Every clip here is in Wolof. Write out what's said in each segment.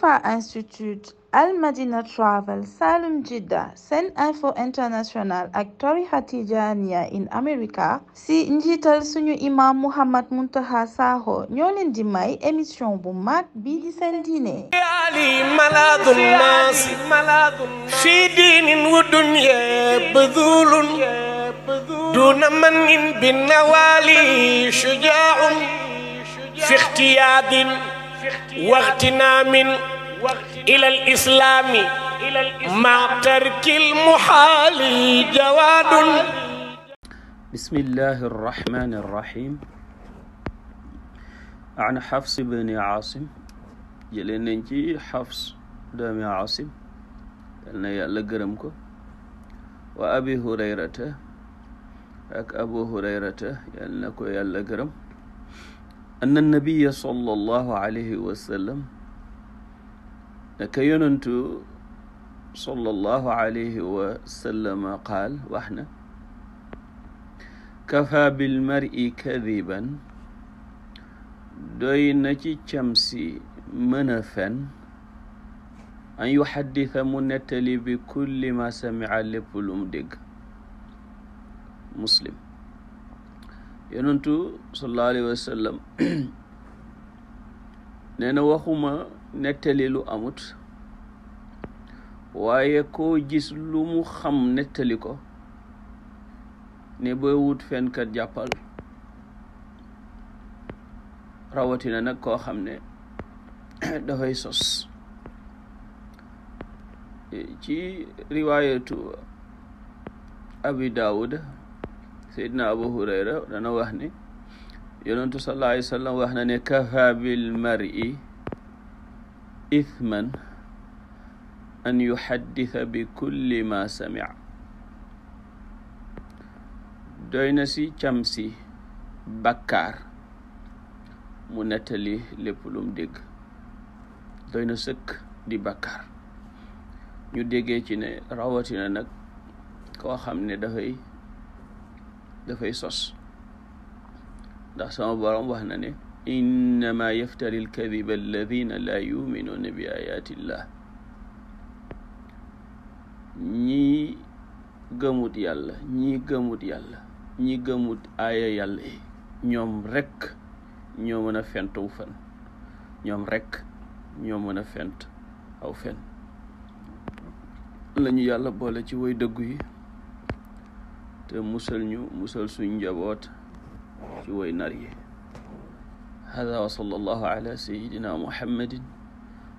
ITFA institute al madina travel salum jidda sen info international ak tarixa tijaaniya in america si njiital suñu imam muhammad muntaha sakho ñoo leen di may émission bu mag bii di seen diine ali maladu nas fi diinin wa dunya badulun duna manin bi nawali shujaun fi ixtiyaadin واغتنا من إلى الإسلام مع ترك المحال جواد بسم الله الرحمن الرحيم عن حفص بن عاصم جلننجي حفص دام عاصم قالنا يا قرمكو وأبي هريرة أك أبو هريرة يالنا كو يالا قرم ann annabiya sallallahu alayhi wa sallam naka yonentu sallallahu alayhi wa sallama qaal wax na kafa bilmari kadiban doy na ci camsi mën a fen an yuxaddisa mu nettali bi kulli ma samia lépp lu mu dégg muslim yonentu sallallahu alayhi wa waxuma nettali lu amut waaye koo gis lu mu xam nettali ko ne booy wut fenkat jàppal rawatina nag koo xam ne dafay sos ci riwaayatu abi daawud seydina abu hurayra dana wax ne wa sallam wax na ne kafa bil mar'i ithman an yuhaddisa bi kulli ma sami'a doy na si cam si bakkaar mu nettali lépp lum dégg doy na sëkk di bakkaar ñu déggee ci ne rawatina nag koo xam ne dafay dafay sos ndax sama borom wax na ne innama yaftari alkadiba alladina laa yuminuuna bi ayatillah ñii gëmut yàlla ñii gëmut yàlla ñii gëmut aaya yàlla yi ñoom rekk ñoo mën a fent aw fen ñoom rekk ñoo mën a fent aw fen lañu yàlla boole ci woy dëggu yi te musal ñu musal suñ njaboot ci way nar yi hada wa sallallahu ala sayidina muhammadin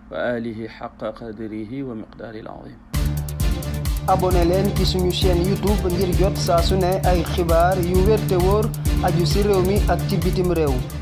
wa alihi xaqa qadrihi wa miqdaarihi al-azim abonné leen ci suñu chaîne youtube ngir jot saa su ne ay xibaar yu wér te wóor aju si réew mi ak ci bitim réew